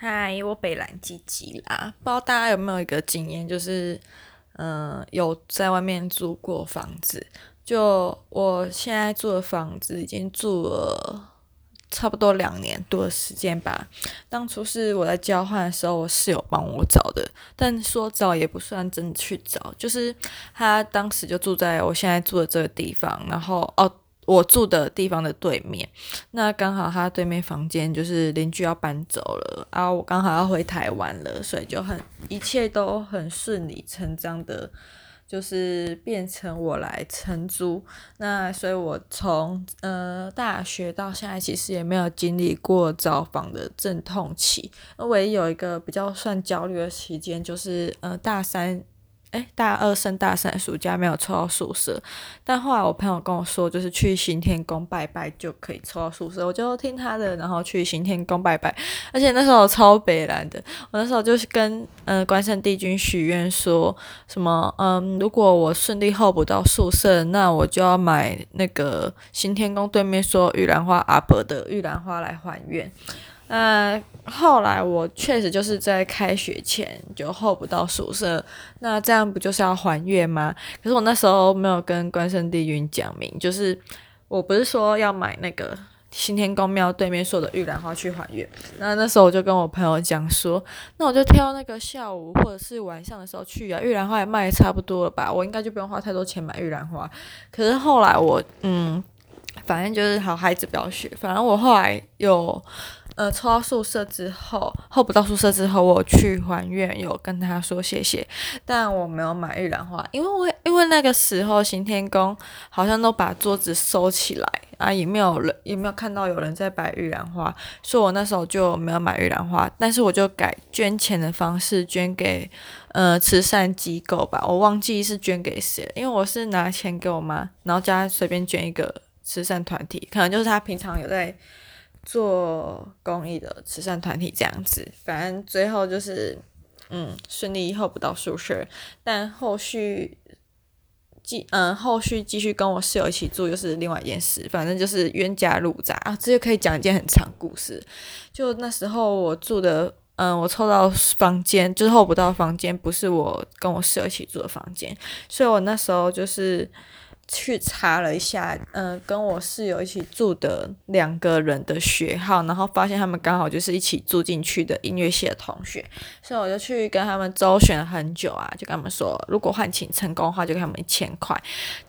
嗨，Hi, 我北蘭吉吉啦。不知道大家有沒有一個經驗，就是，嗯、呃，有在外面租過房子。就我現在住的房子，已經住了差不多兩年多的時間吧。當初是我在交換的時候，我室友幫我找的，但說找也不算真的去找，就是他當時就住在我現在住的這個地方，然後哦。我住的地方的對面，那剛好他對面房間就是鄰居要搬走了啊，我剛好要回台灣了，所以就很一切都很順理成章的，就是變成我來承租。那所以我從呃大學到現在，其實也沒有經歷過找房的陣痛期，那唯一有一個比較算焦慮的期間就是呃大三。誒，大二升大三暑假沒有抽到宿舍，但後來我朋友跟我說，就是去行天宮拜拜就可以抽到宿舍，我就聽他的，然後去行天宮拜拜。而且那時候我超北爛的，我那時候就是跟嗯、呃、關聖帝君許願說，說什麼嗯，如果我順利候補不到宿舍，那我就要買那個行天宮對面說玉蘭花阿婆的玉蘭花來還願。嗯，後來我確實就是在開學前就 hold 不到宿舍，那這樣不就是要還願嗎？可是我那時候沒有跟關聖帝君講明，就是我不是說要買那個行天宮廟對面說的玉蘭花去還願。那那時候我就跟我朋友講說，那我就挑那個下午或者是晚上的時候去啊，玉蘭花也賣得差不多了吧，我應該就不用花太多錢買玉蘭花。可是後來我嗯，反正就是好孩子不要學，反正我後來又。呃，抽到宿舍之後，候補到宿舍之後，我去還願，有跟他說謝謝，但我沒有買玉蘭花，因為我因為那個時候行天宮好像都把桌子收起來，啊也沒有人也沒有看到有人在擺玉蘭花，所以我那時候就沒有買玉蘭花，但是我就改捐錢的方式捐給呃慈善機構吧，我忘記是捐給誰，因為我是拿錢給我媽，然後叫他隨便捐一個慈善團體，可能就是他平常有在。做公益的慈善團體這樣子，反正最後就是，嗯，順利以後不到宿舍，但後續繼嗯後續繼續跟我室友一起住又是另外一件事，反正就是冤家路窄啊，這就可以講一件很長故事。就那時候我住的，嗯，我湊到房間就是後不到房間，不是我跟我室友一起住的房間，所以我那時候就是，去查了一下，嗯、呃，跟我室友一起住的兩個人的學號，然後發現他們剛好就是一起住進去的音樂系的同學，所以我就去跟他們周旋了很久啊，就跟他們說，如果換寢成功的話，就給他們一千塊。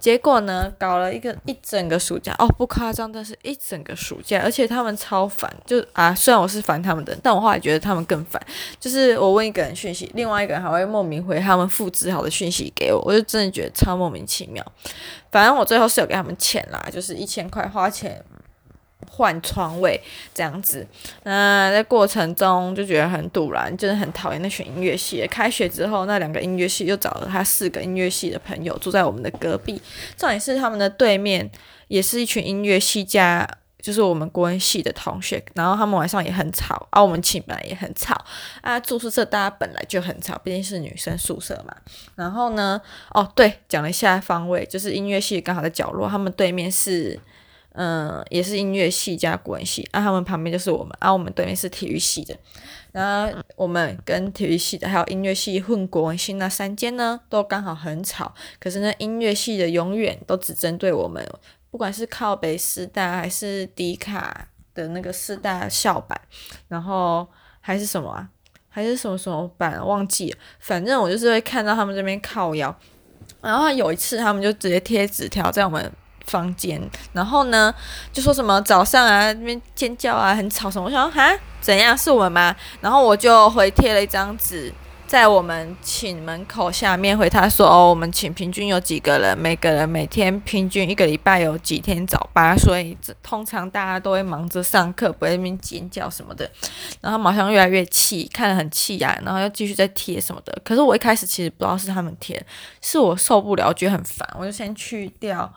結果呢，搞了一個一整個暑假，哦，不誇張，但是一整個暑假，而且他們超煩，就啊，雖然我是煩他們的，但我後來覺得他們更煩，就是我問一個人訊息，另外一個人還會莫名回他們複製好的訊息給我，我就真的覺得超莫名其妙。反正我最後是有給他們錢啦，就是一千塊花錢換床位這樣子。那在過程中就覺得很賭爛，就是很討厭那群音樂系。開學之後，那兩個音樂系又找了他四個音樂系的朋友住在我們的隔壁，重點是他們的對面也是一群音樂系家。就是我們國文系的同學，然後他們晚上也很吵，啊，我們寢本來，也很吵，啊，住宿舍大家本來就很吵，畢竟是女生宿舍嘛。然後呢，哦，對，講了一下方位，就是音樂系剛好的角落，他們對面是，嗯、呃，也是音樂系加國文系，啊，他們旁邊就是我們，啊，我們對面是體育系的，然後我們跟體育系的還有音樂系混國文系那三間呢，都剛好很吵，可是呢，音樂系的永遠都只針對我們。不管是靠北師大還是迪卡的那個師大校版，然後還是什麼啊？還是什麼什麼版啊？忘記了。反正我就是會看到他們這邊靠腰，然後有一次他們就直接貼紙條在我們房間，然後呢，就說什麼早上啊，那邊尖叫啊很吵什麼？我想說哈，怎樣？是我們嗎？然後我就回貼了一張紙。在我們寢門口下面回他說哦，我們寢平均有幾個人，每個人每天平均一個禮拜有幾天早八，所以通常大家都會忙着上課，不會那邊尖叫什麼的。然後馬上越來越氣，看得很氣啊，然後又繼續再貼什麼的。可是我一開始其實不知道是他們貼，是我受不了，覺得很煩，我就先去掉。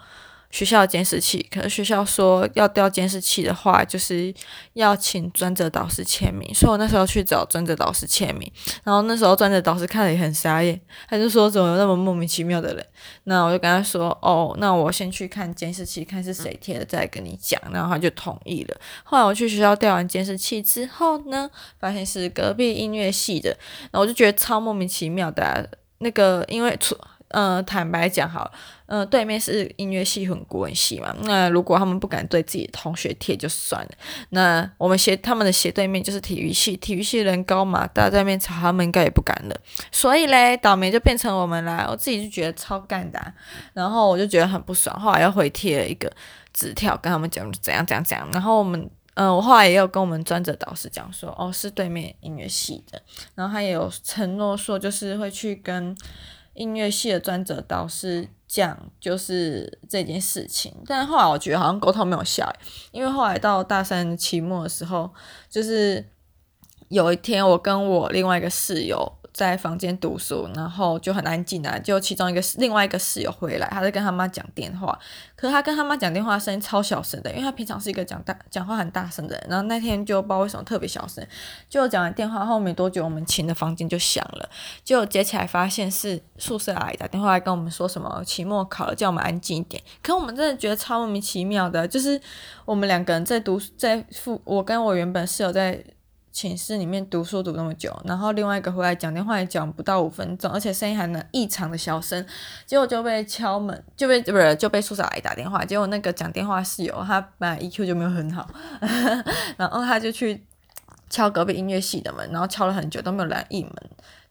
學校監視器，可是學校說要調監視器的話，就是要請專責導師簽名，所以我那時候去找專責導師簽名，然後那時候專責導師看了也很傻眼，他就說怎麼有那麼莫名其妙的人？那我就跟他說，哦，那我先去看監視器，看是誰貼的，再跟你講。然後他就同意了。後來我去學校調完監視器之後呢，發現是隔壁音樂系的，然後我就覺得超莫名其妙的啊，那個因為出。嗯、呃，坦白講好，好，嗯，對面是音樂系混國文系嘛，那如果他們不敢對自己同學貼就算了，那我們斜他們的斜對面就是體育系，體育系人高嘛，大，在面吵他們應該也不敢的，所以嘞，倒霉就變成我們啦。我自己就覺得超尷尬、啊，然後我就覺得很不爽，後來又回貼了一個紙條跟他們講怎樣怎樣怎樣，然後我們，嗯、呃，我後來也有跟我們專責導師講說，哦，是對面音樂系的，然後他也有承諾說就是會去跟。音樂系的專責導師講就是這件事情，但後來我覺得好像溝通沒有下來，因為後來到大三期末的時候，就是有一天我跟我另外一個室友。在房間讀書，然後就很安靜啊。就其中一個另外一個室友回來，他在跟他媽講電話，可是他跟他媽講電話聲音超小聲的，因為他平常是一個講大講話很大聲的人，然後那天就不知道為什麼特別小聲。就講完電話後沒多久，我們寢的房間就響了，就接起來發現是宿舍阿姨打電話來跟我們說什麼期末考了，叫我們安靜一點。可我們真的覺得超莫名其妙的，就是我們兩個人在讀在複，我跟我原本室友在。寢室裡面讀書讀那麼久，然後另外一個回來講電話也講不到五分鐘，而且聲音還能異常的小聲，結果就被敲門，就被不是、呃、就被宿舍阿姨打電話，結果那個講電話室友他本來 EQ 就沒有很好， 然後他就去敲隔壁音樂系的門，然後敲了很久都沒有來應門，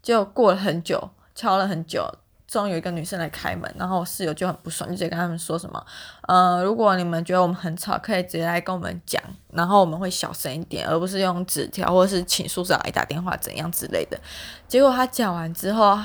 就過了很久，敲了很久。中有一個女生來開門，然後我室友就很不爽，就直接跟他們說什麼：“呃，如果你們覺得我們很吵，可以直接來跟我們講，然後我們會小聲一點，而不是用紙條或者是請宿長來打電話怎樣之類的。”結果他講完之後，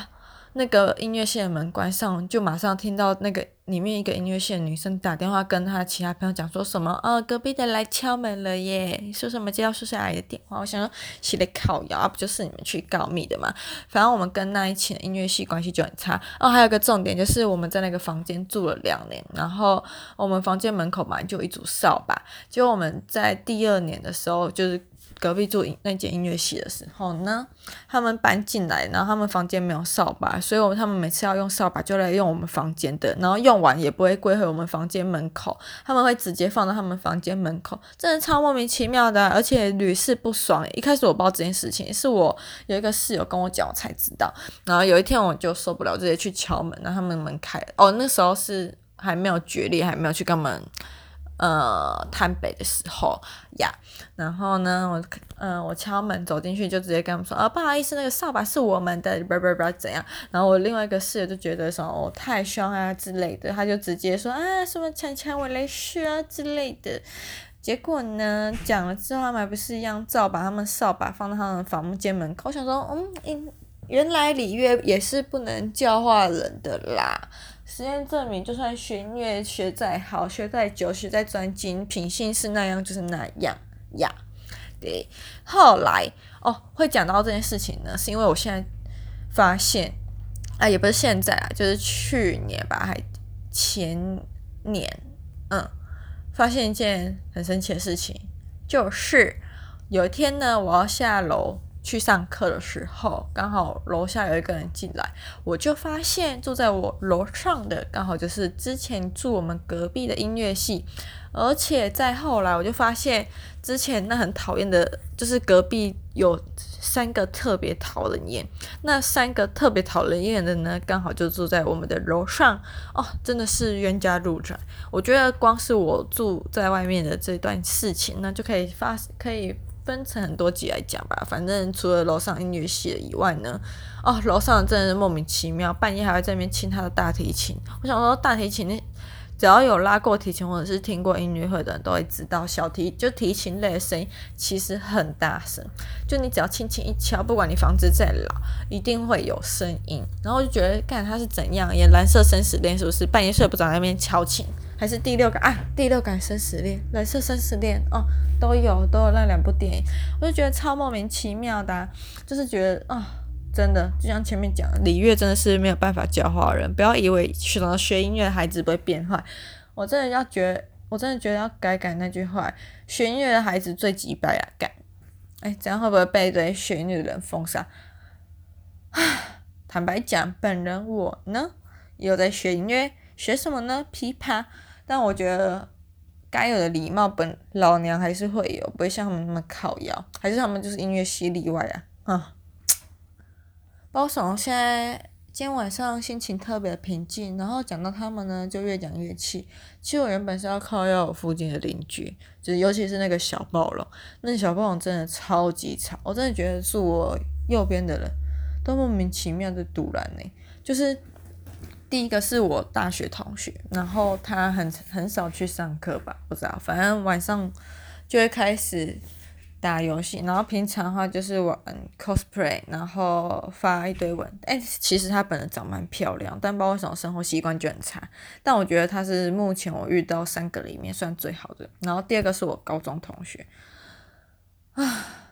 那個音樂系的門關上，就馬上聽到那個。裡面一個音樂系的女生打電話跟她其他朋友講說什麼呃、哦，隔壁的來敲門了耶，說什麼接到宿舍阿姨的電話，我想說是在靠腰，啊、不就是你們去告密的嗎？反正我們跟那一起的音樂系關係就很差。哦，還有一個重點就是我們在那個房間住了兩年，然後我們房間門口嘛就有一組掃把，就我們在第二年的時候就是。隔壁住那間音樂系的時候呢，他們搬進來，然後他們房間沒有掃把，所以他們每次要用掃把就來用我們房間的，然後用完也不會歸回我們房間門口，他們會直接放到他們房間門口，真的超莫名其妙的，而且屢試不爽。一開始我不知道這件事情，是我有一個室友跟我講我才知道，然後有一天我就受不了，直接去敲門，然後他們門開了，哦，那時候是還沒有決裂，還沒有去跟他們。呃，攤北的時候呀，yeah. 然後呢，我嗯、呃，我敲門走進去就直接跟他們說啊，不好意思，那個掃把是我們的，不不不怎樣。然後我另外一個室友就覺得說我、哦、太兇啊之類的，他就直接說啊，什麼強搶我來區啊之類的。結果呢，講了之後他們還不是一樣，照把他們掃把放到他們房間門口。我想說，嗯，嗯，原來禮樂也是不能教化人的啦。實驗證明，就算學音樂學再好，學再久，學再專精，品性是那樣，就是那樣呀。對，後來哦，會講到這件事情呢，是因為我現在發現，啊，也不是現在啊，就是去年吧，還前年，嗯，發現一件很神奇的事情，就是有一天呢，我要下樓。去上課的時候，剛好樓下有一個人進來，我就發現住在我樓上的剛好就是之前住我們隔壁的音樂系，而且再後來我就發現之前那很討厭的，就是隔壁有三個特別討人厭，那三個特別討人厭的呢，剛好就住在我們的樓上哦，真的是冤家路窄。我覺得光是我住在外面的這段事情呢，那就可以發可以。分成很多集來講吧，反正除了樓上音樂系的以外呢，哦，樓上的真的是莫名其妙，半夜還會在那邊親他的大提琴。我想說，大提琴，只要有拉過提琴或者是聽過音樂會的人都會知道，小提就提琴類的聲音其實很大聲，就你只要輕輕一敲，不管你房子再老，一定會有聲音。然後我就覺得，看他是怎樣也藍色生死戀，是不是半夜睡不着在那邊敲琴？嗯還是第六感啊，第六感生死戀，藍色生死戀哦，都有都有那兩部電影，我就覺得超莫名其妙的、啊，就是覺得啊、哦，真的就像前面講的，禮樂真的是沒有辦法教好人，不要以為去學音樂的孩子不會變壞，我真的要覺得，我真的覺得要改改那句話，學音樂的孩子最雞掰啊，改，哎，這樣會不會被對學音樂的人封殺？唉，坦白講，本人我呢，有在學音樂，學什麼呢？琵琶。但我覺得該有的禮貌本老娘還是會有，不會像他們那麼靠妖。還是他們就是音樂系例外啊啊！包龍現在今天晚上心情特別的平靜，然後講到他們呢就越講越氣。其實我原本是要靠妖我附近的鄰居，就是尤其是那個小暴龍，那個小暴龍真的超級吵，我真的覺得是我右邊的人都莫名其妙的賭爛呢，就是。第一個是我大學同學，然後他很很少去上課吧，不知道，反正晚上就會開始打遊戲，然後平常的話就是玩 cosplay，然後發一堆文。哎、欸，其實他本人長蠻漂亮，但不知道為什麼生活習慣就很差。但我覺得他是目前我遇到三個裡面算最好的。然後第二個是我高中同學，啊。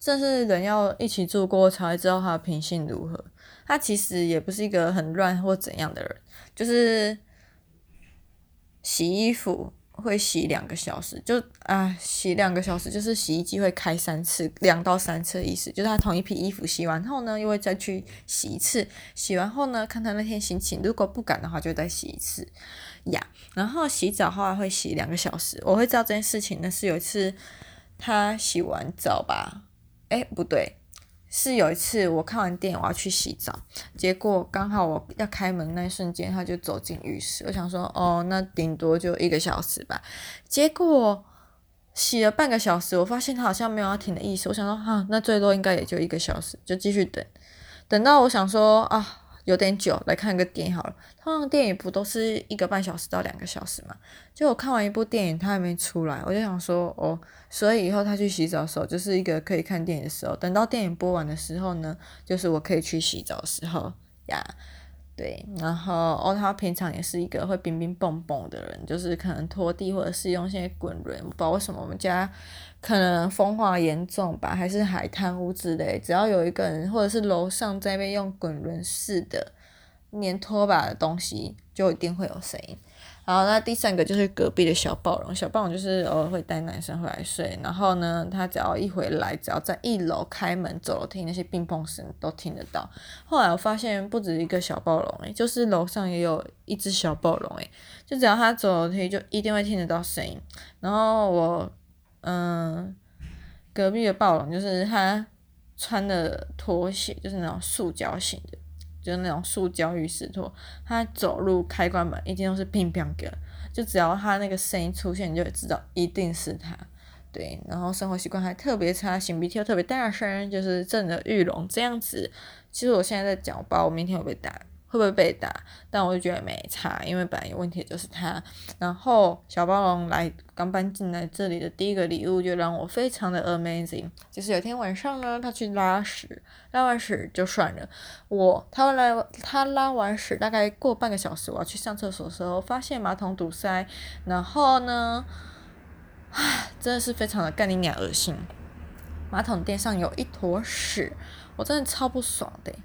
這是人要一起住過，才知道他的品性如何。他其實也不是一個很亂或怎樣的人，就是洗衣服會洗兩個小時，就啊洗兩個小時，就是洗衣機會開三次，兩到三次的意思就是他同一批衣服洗完後呢，又會再去洗一次。洗完後呢，看他那天心情，如果不趕的話，就再洗一次呀。Yeah. 然後洗澡的話會洗兩個小時，我會知道這件事情呢，是有一次他洗完澡吧。哎，不對，是有一次我看完電影，我要去洗澡，結果剛好我要開門那一瞬間他就走進浴室，我想說哦，那頂多就一個小時吧，結果洗了半個小時，我發現他好像沒有要停的意思，我想說哈，那最多應該也就一個小時，就繼續等，等到我想說啊。有點久來看個電影好了，通常電影不都是一個半小時到兩個小時嘛？就我看完一部電影，他還沒出來，我就想說哦，所以以後他去洗澡的時候，就是一個可以看電影的時候；等到電影播完的時候呢，就是我可以去洗澡的時候呀。對，然後哦，他平常也是一個會乒乒蹦蹦的人，就是可能拖地或者是用一些滾輪，我不知道為什麼我們家可能風化嚴重吧，還是海砂屋之類，只要有一個人或者是樓上在那邊用滾輪式的粘拖把的東西，就一定會有聲音。好，那第三個就是隔壁的小暴龍。小暴龍就是偶爾會帶男生回來睡，然後呢，他只要一回來，只要在一樓開門走，走樓梯那些乒乓聲都聽得到。後來我發現不止一個小暴龍，誒，就是樓上也有一隻小暴龍，誒，就只要他走樓梯，就一定會聽得到聲音。然後我，嗯，隔壁的暴龍就是他穿的拖鞋，就是那種塑膠型的。就是那種塑膠浴室拖，他走路開關門一定都是乒乓的，就只要他那個聲音出現，你就知道一定是他。對，然後生活習慣還特別差，擤鼻涕特別大聲，就是震得欲聾這樣子。其實我現在在講，怕我，我明天會被打。會不會被打？但我就覺得沒差，因為本來有問題就是他。然後小暴龍來剛搬進來這裡的第一個禮物就讓我非常的 amazing，就是有天晚上呢，他去拉屎，拉完屎就算了。我他來他拉完屎大概過半個小時，我要去上廁所的時候發現馬桶堵塞，然後呢，唉，真的是非常的幹你娘惡心，馬桶墊上有一坨屎，我真的超不爽的欸。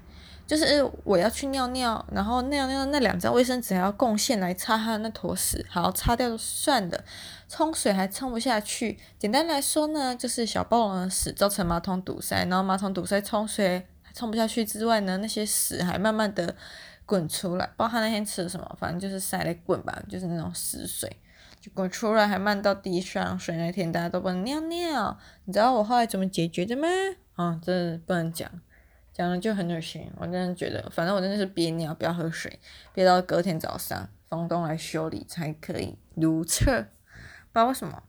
就是我要去尿尿，然後尿尿那兩張衛生紙還要貢獻來擦他那坨屎，好，擦掉就算了，沖水還沖不下去。簡單來說呢，就是小暴龍的屎造成馬桶堵塞，然後馬桶堵塞沖水還沖不下去之外呢，那些屎還慢慢的滾出來。不知道他那天吃了什麼，反正就是塞的滾吧，就是那種屎水就滾出來，還漫到地上。水那天大家都不能尿尿。你知道我後來怎麼解決的嗎？啊、嗯，這不能講。講的就很惡心，我真的覺得，反正我真的是憋尿不要喝水，憋到隔天早上，房東來修理才可以如廁。不知道為什麼，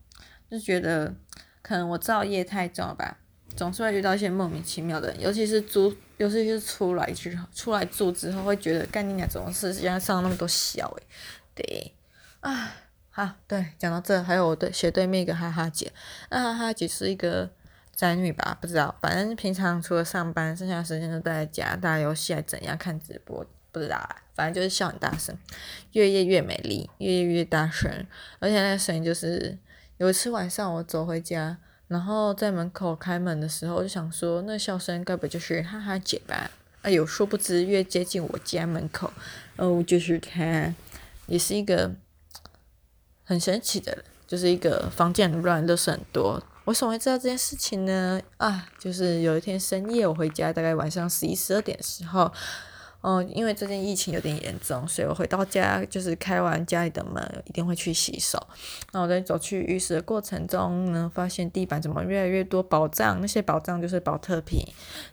就覺得可能我造業太重了吧，總是會遇到一些莫名其妙的，尤其是租，尤其是出來之後，出來住之後，會覺得幹你倆這種事要上那麼多小誒、欸。對，啊，好，對，講到這，還有我對斜對面一個哈哈姐，那、啊、哈哈姐是一個。宅女吧，不知道，反正平常除了上班，剩下的時間都在家打遊戲，還怎樣看直播，不知道啊。反正就是笑很大聲，越夜越美麗，越夜越大聲，而且那個聲音就是有一次晚上我走回家，然後在門口開門的時候，我就想說那笑聲該不就是哈哈姐吧？哎呦，殊不知越接近我家門口，呃，我就是看，也是一個很神奇的就是一個房間亂，的，就是很多。我怎麼會知道這件事情呢？啊，就是有一天深夜，我回家大概晚上十一、十二點的時候，嗯，因為最近疫情有點嚴重，所以我回到家就是開完家裡的門，一定會去洗手。然後我在走去浴室的過程中呢，發現地板怎麼越來越多寶藏？那些寶藏就是寶特瓶。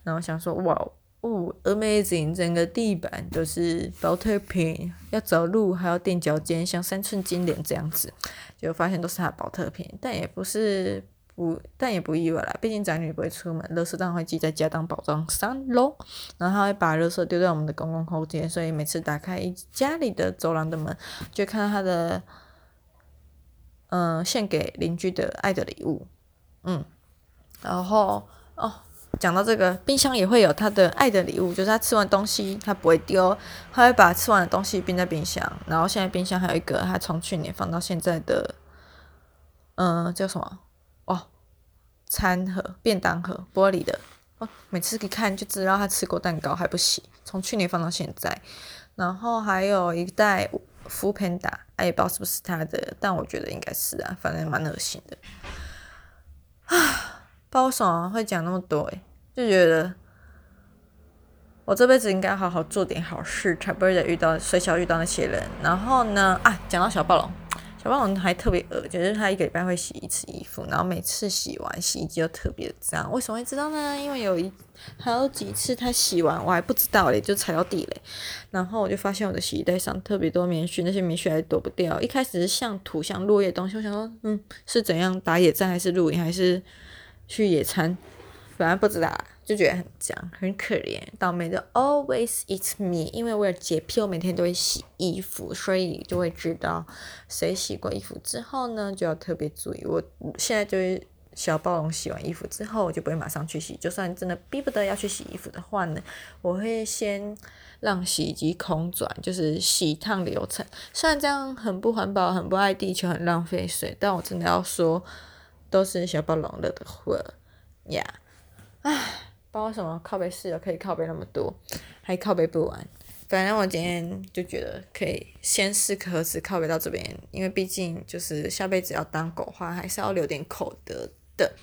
然後我想說，哇哦，amazing！整個地板都是寶特瓶，要走路還要墊腳尖，像三寸金蓮這樣子，結果發現都是他的寶特瓶，但也不是。不，但也不意外啦，畢竟宅女，女不會出門，垃圾當然會積在家，當寶藏山咯，然後她會把垃圾丟在我們的公共空間，所以每次打開家裡的走廊的門，就看到她的，嗯、呃，獻給鄰居的愛的禮物。嗯，然後哦，講到這個，冰箱也會有她的愛的禮物，就是她吃完東西，她不會丟，她會把吃完的東西冰在冰箱。然後現在冰箱還有一個，她從去年放到現在的，嗯、呃，叫什麼？餐盒、便當盒，玻璃的，哦，每次一看就知道他吃過蛋糕還不洗，從去年放到現在。然後還有一袋 Foodpanda，也不知道是不是他的，但我覺得應該是啊，反正蠻噁心的。 包啊，包啊會講那麼多哎，欸，就覺得我這輩子應該好好做點好事，才不會再遇到，隨小遇到那些人。然後呢，啊，講到小暴龍。小我還特別惡，就是他一個禮拜會洗一次衣服，然後每次洗完洗衣機就特別髒。為什麼會知道呢？因為有一還有幾次他洗完我還不知道嘞，就踩到地雷，然後我就發現我的洗衣袋上特別多棉絮，那些棉絮還躲不掉。一開始是像土像落葉東西，我想說，嗯，是怎樣打野戰還是露營還是去野餐，反正不知道。就覺得很髒，很可憐，倒霉的 always is me，因為我有潔癖，我每天都會洗衣服，所以你就會知道誰洗過衣服之後呢，就要特別注意。我現在就是小暴龍洗完衣服之後，我就不會馬上去洗，就算真的逼不得要去洗衣服的話呢，我會先讓洗衣機空轉，就是洗一趟流程。雖然這樣很不環保，很不愛地球，很浪費水，但我真的要說，都是小暴龍惹的禍，呀，yeah，唉。包括什麼靠北試啊，可以靠北那麼多，還靠北不完。反正我今天就覺得可以先試殼子靠北到這邊，因為畢竟就是下輩子要當狗的話，還是要留點口德的。